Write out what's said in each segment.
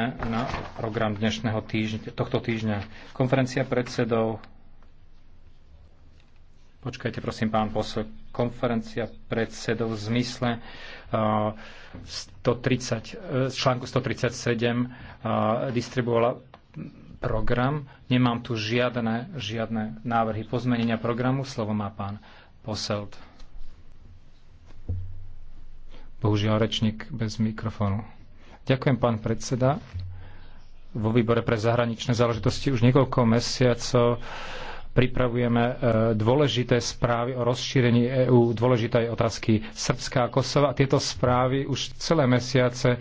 na program dnešného týždňa, tohto týždňa. Konferencia predsedov. Počkajte, prosím, pán posol. Konferencia predsedov v zmysle uh, eh, 130, eh, článku 137 uh, eh, distribuovala program. Nemám tu žiadne, žiadne návrhy pozmenenia programu. Slovo má pán Poselt. Bohužiaľ, rečník bez mikrofónu. Ďakujem, pán predseda. Vo výbore pre zahraničné záležitosti už niekoľko mesiacov pripravujeme e, dôležité správy o rozšírení EÚ, dôležité otázky Srbska a Kosova. Tieto správy už celé mesiace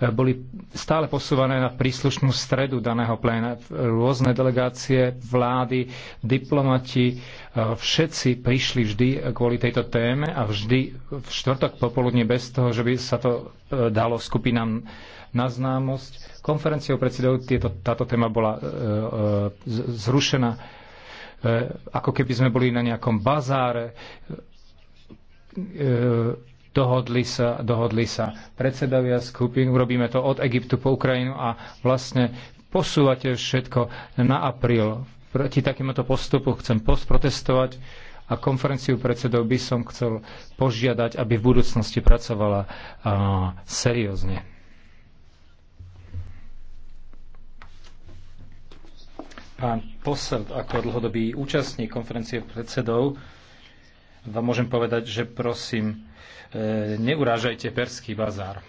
boli stále posúvané na príslušnú stredu daného pléna. Rôzne delegácie, vlády, diplomati, e, všetci prišli vždy kvôli tejto téme a vždy v štvrtok popoludne bez toho, že by sa to e, dalo skupinám na známosť. Konferenciou predsedov tieto, táto téma bola e, zrušená ako keby sme boli na nejakom bazáre dohodli sa, dohodli sa predsedovia skupín, urobíme to od Egyptu po Ukrajinu a vlastne posúvate všetko na apríl. Proti takémuto postupu chcem postprotestovať a konferenciu predsedov by som chcel požiadať, aby v budúcnosti pracovala seriózne. Pán Posel, ako dlhodobý účastník konferencie predsedov, vám môžem povedať, že prosím, e, neurážajte Perský bazár.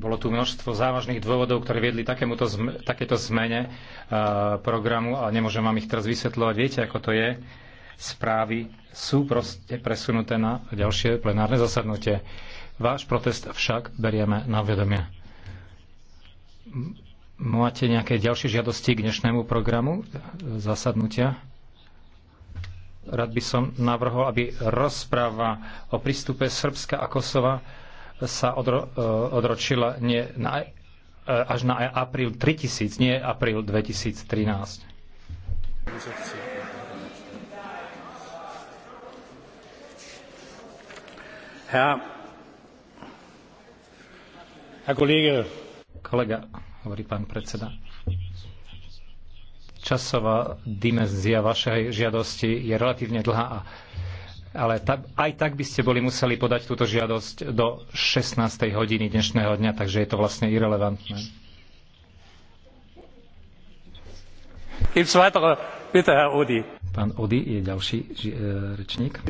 bolo tu množstvo závažných dôvodov, ktoré viedli takémuto, takéto zmene e, programu a nemôžem vám ich teraz vysvetľovať. Viete, ako to je správy sú proste presunuté na ďalšie plenárne zasadnutie. Váš protest však berieme na vedomie. Máte nejaké ďalšie žiadosti k dnešnému programu zasadnutia? Rád by som navrhol, aby rozpráva o prístupe Srbska a Kosova sa odro, e, odročila nie na, e, až na e, apríl 3000, nie apríl 2013. Kolega, hovorí pán predseda. Časová dimenzia vašej žiadosti je relatívne dlhá ale aj tak by ste boli museli podať túto žiadosť do 16. hodiny dnešného dňa, takže je to vlastne irrelevantné. Gibt's weitere? Bitte, Herr Pán Ody je ďalší e, rečník.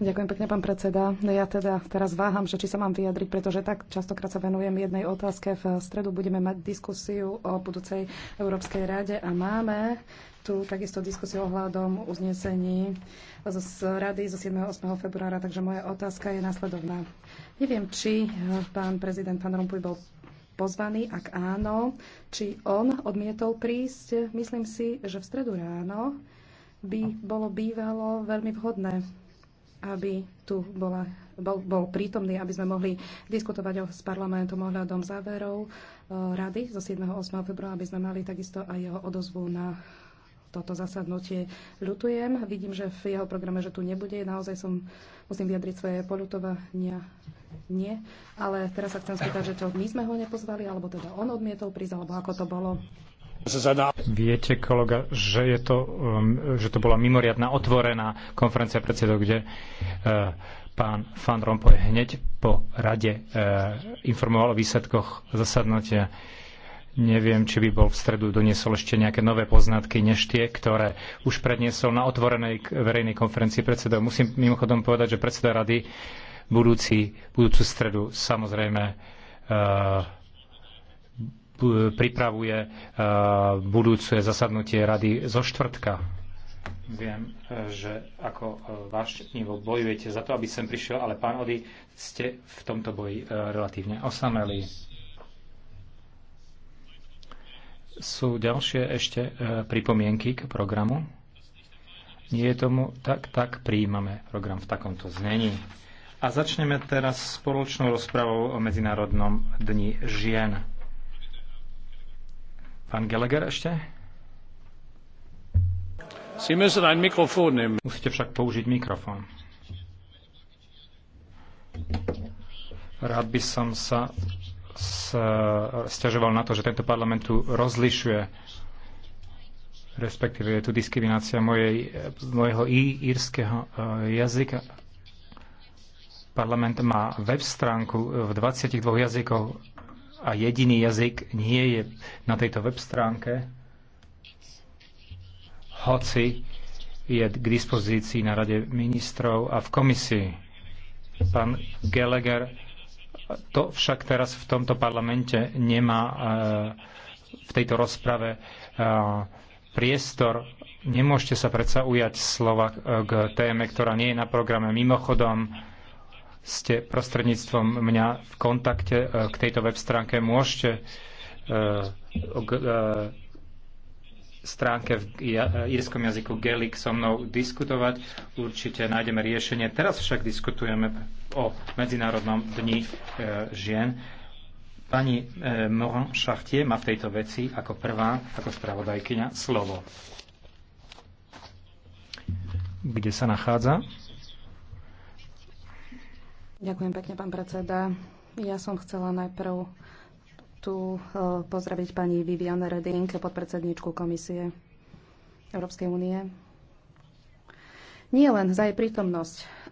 Ďakujem pekne, pán predseda. No ja teda teraz váham, že či sa mám vyjadriť, pretože tak častokrát sa venujem jednej otázke. V stredu budeme mať diskusiu o budúcej Európskej rade a máme tu takisto diskusiu ohľadom uznesení z rady zo 7. 8. februára, takže moja otázka je následovná. Neviem, či e, pán prezident, pán Rompuj bol pozvaný, ak áno, či on odmietol prísť. Myslím si, že v stredu ráno by bolo bývalo veľmi vhodné, aby tu bola, bol, bol prítomný, aby sme mohli diskutovať s parlamentom ohľadom záverov e, rady zo 7. 8. februára, aby sme mali takisto aj jeho odozvu na toto zasadnutie ľutujem. Vidím, že v jeho programe, že tu nebude. Naozaj som, musím vyjadriť svoje polutovania. Nie. Ale teraz sa chcem spýtať, že to my sme ho nepozvali, alebo teda on odmietol prísť, alebo ako to bolo. Viete, kolega, že, je to, um, že to bola mimoriadná otvorená konferencia predsedov, kde uh, pán Van Rompuy hneď po rade uh, informoval o výsledkoch zasadnutia. Neviem, či by bol v stredu doniesol ešte nejaké nové poznatky, než tie, ktoré už predniesol na otvorenej verejnej konferencii predsedov. Musím mimochodom povedať, že predseda rady budúci, budúcu stredu samozrejme uh, pripravuje e, budúce zasadnutie rady zo štvrtka. Viem, e, že ako e, vášnivo bojujete za to, aby sem prišiel, ale pán Ody, ste v tomto boji relatívne osamelí. Sú ďalšie ešte pripomienky k programu? Nie je tomu tak, tak príjmame program v takomto znení. A začneme teraz spoločnou rozpravou o Medzinárodnom dni žien. Pán Gallagher ešte? Sie müssen ein Mikrofon nehmen. Musíte však použiť mikrofón. Rád by som sa stiažoval na to, že tento parlament tu rozlišuje respektíve je tu diskriminácia mojej, mojho írskeho e, jazyka. Parlament má web stránku v 22 jazykoch a jediný jazyk nie je na tejto web stránke, hoci je k dispozícii na Rade ministrov a v komisii. Pán Gallagher to však teraz v tomto parlamente nemá eh, v tejto rozprave eh, priestor. Nemôžete sa predsa ujať slova eh, k téme, ktorá nie je na programe. Mimochodom, ste prostredníctvom mňa v kontakte e, k tejto web stránke. Môžete k e, e, stránke v írskom jazyku Gaelic so mnou diskutovať. Určite nájdeme riešenie. Teraz však diskutujeme o Medzinárodnom dni žien. Pani Morin Chartier má v tejto veci ako prvá, ako spravodajkyňa, slovo. Kde sa nachádza? Ďakujem pekne, pán predseda. Ja som chcela najprv tu e, pozdraviť pani Viviane Reding, podpredsedničku komisie Európskej únie. Nie len za jej prítomnosť